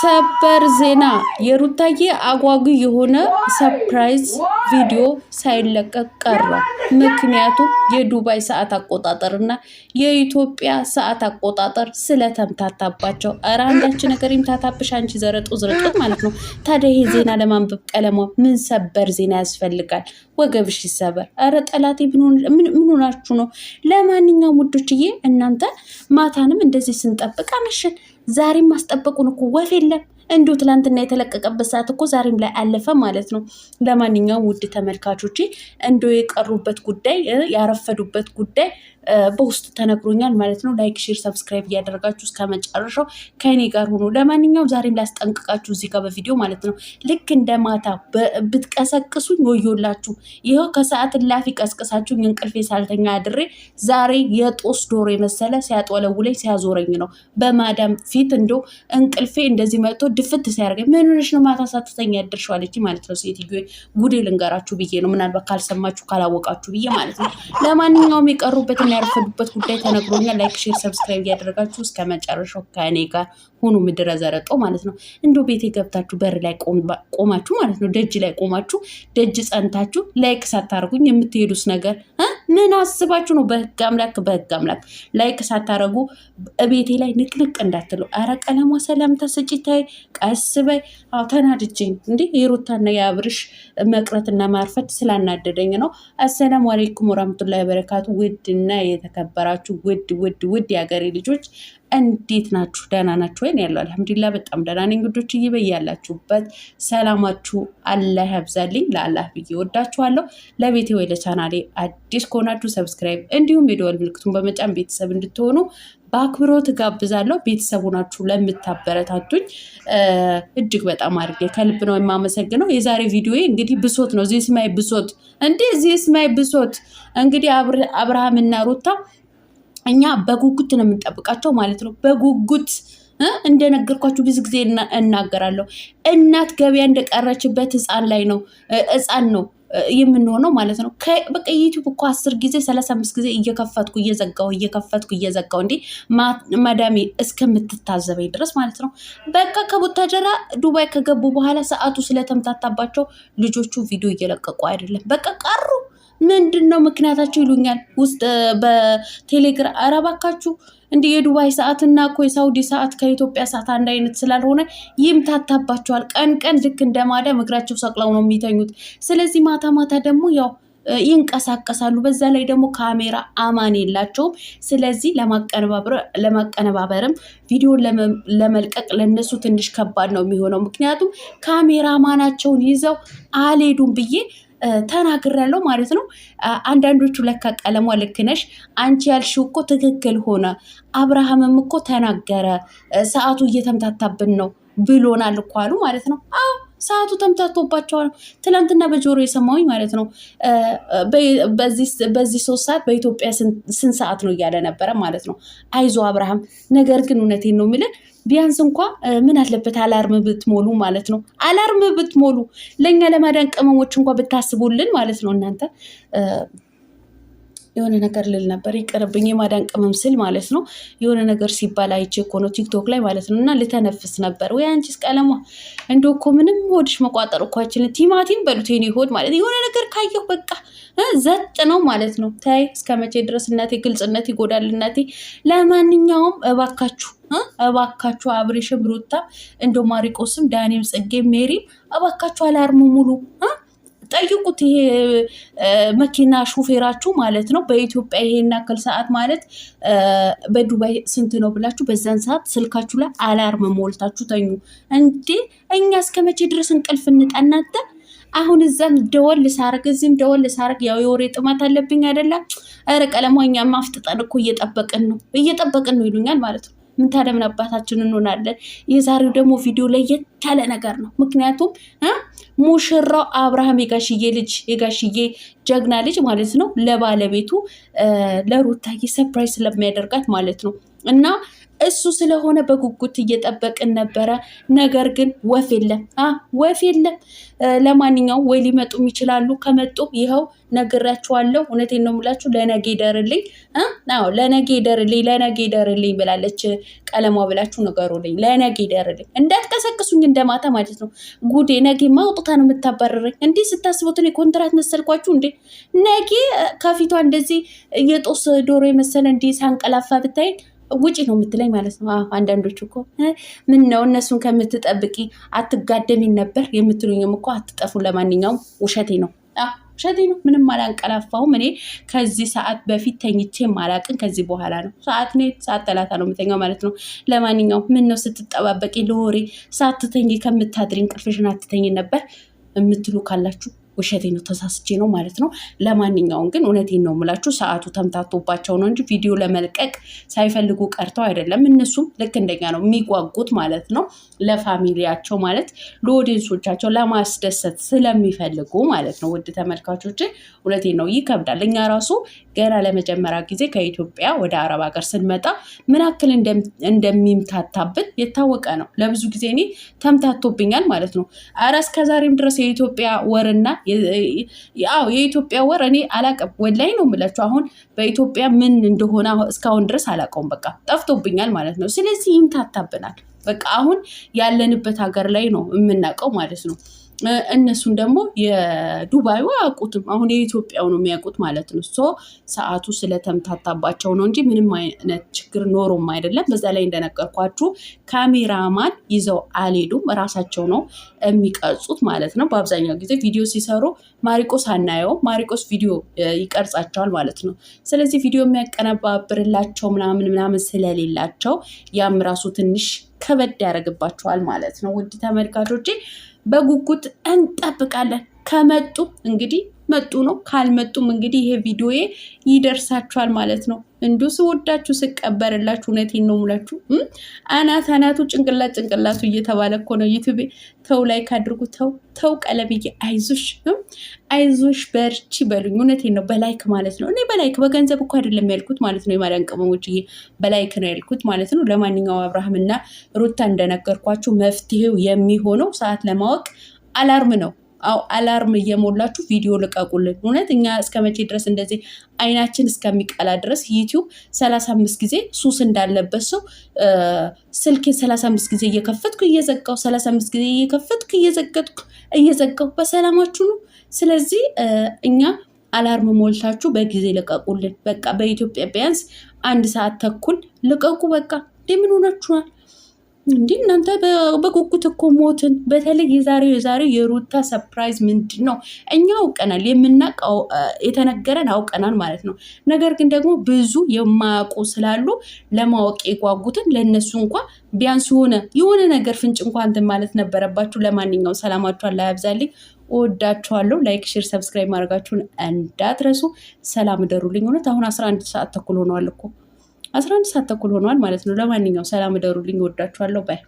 ሰበር ዜና የሩታዬ አጓጊ የሆነ ሰርፕራይዝ ቪዲዮ ሳይለቀቅ ቀረ። ምክንያቱ የዱባይ ሰዓት አቆጣጠር እና የኢትዮጵያ ሰዓት አቆጣጠር ስለተምታታባቸው። ኧረ አንዳች ነገር ይምታታብሽ አንቺ ዘረጡ ዝረጡት ማለት ነው። ታዲያ ይሄ ዜና ለማንበብ ቀለሟ ምን ሰበር ዜና ያስፈልጋል? ወገብሽ ይሰበር። ኧረ ጠላቴ ምን ሆናችሁ ነው? ለማንኛውም ውዶችዬ እናንተ ማታንም እንደዚህ ስንጠብቅ አመሸን። ዛሬም ማስጠበቁን እኮ ወፍ የለም። እንዲሁ ትላንትና የተለቀቀበት ሰዓት እኮ ዛሬም ላይ አለፈ ማለት ነው። ለማንኛውም ውድ ተመልካቾቼ እንዲሁ የቀሩበት ጉዳይ ያረፈዱበት ጉዳይ በውስጥ ተነግሮኛል ማለት ነው። ላይክ፣ ሼር፣ ሰብስክራይብ እያደረጋችሁ እስከ መጨረሻው ከእኔ ጋር ሆኖ ለማንኛውም ዛሬም ላስጠንቅቃችሁ እዚህ ጋር በቪዲዮ ማለት ነው። ልክ እንደ ማታ ብትቀሰቅሱኝ ወዮላችሁ። ይኸው ከሰዓት ላፊ ቀስቅሳችሁ እንቅልፌ ሳልተኛ አድሬ ዛሬ የጦስ ዶሮ የመሰለ ሲያጦለውለኝ ሲያዞረኝ ነው በማዳም ፊት እንዶ እንቅልፌ እንደዚህ መጥቶ ድፍት ሲያደርገኝ ምንንሽ ነው ማታ ሳትተኛ ያደርሽው ማለት ነው። ሴትዮ ጉዴ ልንገራችሁ ብዬ ነው ምናልባት ካልሰማችሁ ካላወቃችሁ ብዬ ማለት ነው። ለማንኛውም የቀሩበትን ያረፈዱበት ጉዳይ ተነግሮኛል። ላይክ፣ ሼር፣ ሰብስክራይብ እያደረጋችሁ እስከ መጨረሻው ከእኔ ጋር ሆኖ ምድረ ዘረጦ ማለት ነው። እንዲሁ ቤት የገብታችሁ በር ላይ ቆማችሁ ማለት ነው፣ ደጅ ላይ ቆማችሁ ደጅ ጸንታችሁ ላይክ ሳታርጉኝ የምትሄዱስ ነገር ምን አስባችሁ ነው? በህግ አምላክ በህግ አምላክ ላይክ ሳታረጉ እቤቴ ላይ ንቅንቅ እንዳትሉ። አረ ቀለሟ ሰላምታ ስጭታይ ቀስ በይ። አዎ ተናድጄኝ እንዲህ የሩታና የአብርሽ መቅረትና ማርፈት ስላናደደኝ ነው። አሰላሙ አሌይኩም ወራህመቱላሂ በረካቱ። ውድና የተከበራችሁ ውድ ውድ ውድ የሀገሬ ልጆች እንዴት ናችሁ? ደህና ናችሁ ወይ? ያለው አልሐምዱሊላ በጣም ደህና ነኝ። እንግዶች እይበይ ሰላማችሁ አላህ ያብዛልኝ። ለአላህ ብዬ ወዳችኋለሁ። ለቤቴ ወይ ለቻናሌ አዲስ ከሆናችሁ ሰብስክራይብ፣ እንዲሁም የደወል ምልክቱን በመጫን ቤተሰብ እንድትሆኑ በአክብሮት ጋብዛለሁ። ቤተሰቡ ናችሁ ለምታበረታቱኝ እጅግ በጣም አድርጌ ከልብ ነው የማመሰግነው። የዛሬ ቪዲዮ እንግዲህ ብሶት ነው። እዚህ ስማይ ብሶት እንዴ! እዚህ ስማይ ብሶት እንግዲህ አብርሃምና ሩታ እኛ በጉጉት ነው የምንጠብቃቸው ማለት ነው። በጉጉት እንደነገርኳችሁ ብዙ ጊዜ እናገራለሁ። እናት ገበያ እንደቀረችበት ህፃን ላይ ነው ህፃን ነው የምንሆነው ማለት ነው። በቃ ዩቲዩብ እኮ አስር ጊዜ ሰላሳ አምስት ጊዜ እየከፈትኩ እየዘጋው እየከፈትኩ እየዘጋው እንዴ ማዳሜ እስከምትታዘበኝ ድረስ ማለት ነው። በቃ ከቡታጀራ ዱባይ ከገቡ በኋላ ሰዓቱ ስለተምታታባቸው ልጆቹ ቪዲዮ እየለቀቁ አይደለም። በቃ ቀሩ። ምንድን ነው ምክንያታቸው ይሉኛል። ውስጥ በቴሌግራ ኧረ እባካችሁ እንዲህ የዱባይ ሰዓት እና እኮ የሳውዲ ሰዓት ከኢትዮጵያ ሰዓት አንድ አይነት ስላልሆነ ይምታታባቸዋል። ቀን ቀን ልክ እንደ ማዳ እግራቸው ሰቅለው ነው የሚተኙት። ስለዚህ ማታ ማታ ደግሞ ያው ይንቀሳቀሳሉ። በዛ ላይ ደግሞ ካሜራ አማን የላቸውም። ስለዚህ ለማቀነባበርም ቪዲዮን ለመልቀቅ ለነሱ ትንሽ ከባድ ነው የሚሆነው። ምክንያቱም ካሜራ አማናቸውን ይዘው አልሄዱም ብዬ ተናግሬያለሁ ማለት ነው። አንዳንዶቹ ለካ ቀለሟ ልክ ነሽ አንቺ ያልሽው እኮ ትክክል ሆነ፣ አብርሃምም እኮ ተናገረ፣ ሰዓቱ እየተምታታብን ነው ብሎናል እኮ አሉ ማለት ነው። አዎ ሰዓቱ ተምታቶባቸዋል። ትናንትና በጆሮ የሰማውኝ ማለት ነው። በዚህ ሶስት ሰዓት በኢትዮጵያ ስንት ሰዓት ነው እያለ ነበረ ማለት ነው። አይዞ አብርሃም፣ ነገር ግን እውነቴን ነው የሚለን ቢያንስ እንኳ ምን አለበት አላርም ብትሞሉ ማለት ነው። አላርም ብትሞሉ ለእኛ ለማዳን ቅመሞች እንኳ ብታስቡልን ማለት ነው እናንተ የሆነ ነገር ልል ነበር ይቅርብኝ። የማዳን ቅመም ስል ማለት ነው የሆነ ነገር ሲባል አይቼ እኮ ነው ቲክቶክ ላይ ማለት ነው። እና ልተነፍስ ነበር ወይ አንቺስ ቀለሟ እንደው እኮ ምንም ሆድሽ መቋጠር እኮ አይችልም። ቲማቲም በሉት የኔ ሆድ ማለት የሆነ ነገር ካየሁ በቃ ዘጥ ነው ማለት ነው። ተይ እስከ መቼ ድረስ እናቴ? ግልጽነት ይጎዳል እናቴ። ለማንኛውም እባካችሁ እባካችሁ አብሬሽም ሩታም እንደ ማሪቆስም ዳኒም ጽጌም ሜሪም እባካችሁ አላርሙ ሙሉ ጠይቁት። ይሄ መኪና ሹፌራችሁ ማለት ነው በኢትዮጵያ ይሄን ያክል ሰዓት ማለት በዱባይ ስንት ነው ብላችሁ በዛን ሰዓት ስልካችሁ ላይ አላርም ሞልታችሁ ተኙ። እንዴ እኛ እስከ መቼ ድረስ እንቅልፍ እንጠናተ? አሁን እዛም ደወል ልሳረግ እዚህም ደወል ልሳረግ፣ ያው የወሬ ጥማት አለብኝ አይደላ? ኧረ ቀለሟኛ ማፍጥጠን እኮ እየጠበቅን ነው እየጠበቅን ነው ይሉኛል ማለት ነው። ምን ታዲያ አባታችን እንሆናለን? የዛሬው ደግሞ ቪዲዮ ለየት ያለ ነገር ነው። ምክንያቱም ሙሽራው አብርሃም የጋሽዬ ልጅ የጋሽዬ ጀግና ልጅ ማለት ነው ለባለቤቱ ለሩታዬ ሰርፕራይዝ ስለሚያደርጋት ማለት ነው እና እሱ ስለሆነ በጉጉት እየጠበቅን ነበረ። ነገር ግን ወፍ የለም፣ ወፍ የለም። ለማንኛውም ወይ ሊመጡም ይችላሉ። ከመጡ ይኸው ነግራችኋለሁ። እውነቴን ነው የምላችሁ። ለነገ ይደርልኝ፣ ለነገ ይደርልኝ፣ ለነገ ይደርልኝ ብላለች ቀለሟ። ብላችሁ ንገሩልኝ፣ ለነገ ይደርልኝ። እንዳትቀሰቅሱኝ እንደማታ ማለት ነው። ጉዴ ነጌ ማውጥታ ነው የምታባረረኝ። እንዲህ ስታስቡትን የኮንትራት መሰልኳችሁ እንዴ? ነጌ ከፊቷ እንደዚህ የጦስ ዶሮ የመሰለ እንዲህ ሳንቀላፋ ብታይ ውጪ ነው የምትለኝ ማለት ነው። አንዳንዶች እኮ ምን ነው እነሱን ከምትጠብቂ አትጋደሚን ነበር የምትሉኝም እኮ አትጠፉ። ለማንኛውም ውሸቴ ነው ውሸቴ ነው። ምንም አላንቀላፋሁም። እኔ ከዚህ ሰዓት በፊት ተኝቼ ማላቅን ከዚህ በኋላ ነው ሰዓት እኔ ሰዓት ጠላታ ነው የምተኛው ማለት ነው። ለማንኛውም ምን ነው ስትጠባበቂ ለወሬ ሳትተኝ ከምታድሪ እንቅልፍሽን አትተኝ ነበር የምትሉ ካላችሁ ውሸቴ ነው ተሳስቼ ነው ማለት ነው። ለማንኛውም ግን እውነቴን ነው የምላችሁ ሰዓቱ ተምታቶባቸው ነው እንጂ ቪዲዮ ለመልቀቅ ሳይፈልጉ ቀርተው አይደለም። እነሱም ልክ እንደኛ ነው የሚጓጉት ማለት ነው። ለፋሚሊያቸው ማለት ለኦዲየንሶቻቸው ለማስደሰት ስለሚፈልጉ ማለት ነው። ውድ ተመልካቾች እውነቴን ነው ይከብዳል። እኛ ራሱ ገና ለመጀመሪያ ጊዜ ከኢትዮጵያ ወደ አረብ ሀገር ስንመጣ ምን ያክል እንደሚምታታብን የታወቀ ነው። ለብዙ ጊዜ እኔ ተምታቶብኛል ማለት ነው። ኧረ እስከ ዛሬም ድረስ የኢትዮጵያ ወርና ያው የኢትዮጵያ ወር እኔ አላቀም ወላይ ነው የምላችሁ። አሁን በኢትዮጵያ ምን እንደሆነ እስካሁን ድረስ አላቀውም በቃ ጠፍቶብኛል ማለት ነው። ስለዚህ ይምታታብናል። በቃ አሁን ያለንበት ሀገር ላይ ነው የምናውቀው ማለት ነው። እነሱን ደግሞ የዱባዩ አያውቁትም። አሁን የኢትዮጵያው ነው የሚያውቁት ማለት ነው። ሶ ሰዓቱ ስለተምታታባቸው ነው እንጂ ምንም አይነት ችግር ኖሮም አይደለም። በዛ ላይ እንደነገርኳችሁ ካሜራማን ይዘው አልሄዱም። ራሳቸው ነው የሚቀርጹት ማለት ነው። በአብዛኛው ጊዜ ቪዲዮ ሲሰሩ ማሪቆስ አናየው፣ ማሪቆስ ቪዲዮ ይቀርጻቸዋል ማለት ነው። ስለዚህ ቪዲዮ የሚያቀነባብርላቸው ምናምን ምናምን ስለሌላቸው ያም ራሱ ትንሽ ከበድ ያደርግባቸዋል ማለት ነው። ውድ ተመልካቾቼ በጉጉት እንጠብቃለን። ከመጡ እንግዲህ መጡ ነው። ካልመጡም እንግዲህ ይሄ ቪዲዮዬ ይደርሳችኋል ማለት ነው። እንዱ ስወዳችሁ ስቀበርላችሁ እውነቴን ነው ሙላችሁ። አናት አናቱ ጭንቅላት ጭንቅላቱ እየተባለ እኮ ነው ዩቲዩብ። ተው ላይ ካድርጉ ተው ተው፣ ቀለብዬ አይዞሽ አይዞሽ በርቺ በሉኝ። እውነቴን ነው በላይክ ማለት ነው። እኔ በላይክ በገንዘብ እኮ አይደለም ያልኩት ማለት ነው። የማዳን ቅመሞች ይሄ በላይክ ነው ያልኩት ማለት ነው። ለማንኛውም አብርሃምና ሩታ እንደነገርኳችሁ መፍትሄው የሚሆነው ሰዓት ለማወቅ አላርም ነው። አው አላርም እየሞላችሁ ቪዲዮ ልቀቁልን። እውነት እኛ እስከ መቼ ድረስ እንደዚህ አይናችን እስከሚቀላ ድረስ ዩቲዩብ ሰላሳ አምስት ጊዜ ሱስ እንዳለበት ሰው ስልኬን ሰላሳ አምስት ጊዜ እየከፈትኩ እየዘጋው ሰላሳ አምስት ጊዜ እየከፈትኩ እየዘገጥኩ እየዘጋው በሰላማችሁ ነው። ስለዚህ እኛ አላርም ሞልታችሁ በጊዜ ልቀቁልን። በቃ በኢትዮጵያ ቢያንስ አንድ ሰዓት ተኩል ልቀቁ። በቃ እንደምን ሆናችኋል? እንዲህ እናንተ በጉጉት እኮ ሞትን። በተለይ የዛሬው የዛሬው የሩታ ሰፕራይዝ ምንድን ነው? እኛ አውቀናል፣ የምናቅ የተነገረን አውቀናል ማለት ነው። ነገር ግን ደግሞ ብዙ የማያውቁ ስላሉ ለማወቅ የጓጉትን ለእነሱ እንኳ ቢያንስ የሆነ የሆነ ነገር ፍንጭ እንኳ እንትን ማለት ነበረባችሁ። ለማንኛውም ሰላማችሁ አላ ያብዛልኝ። ላይክ፣ ሼር፣ ሰብስክራይብ ማድረጋችሁን እንዳትረሱ። ሰላም እደሩልኝ። እውነት አሁን አስራ አንድ ሰዓት ተኩል ሆነዋል እኮ አስራ አንድ ሰዓት ተኩል ሆኗል ማለት ነው። ለማንኛውም ሰላም እደሩልኝ። እወዳችኋለሁ ባይ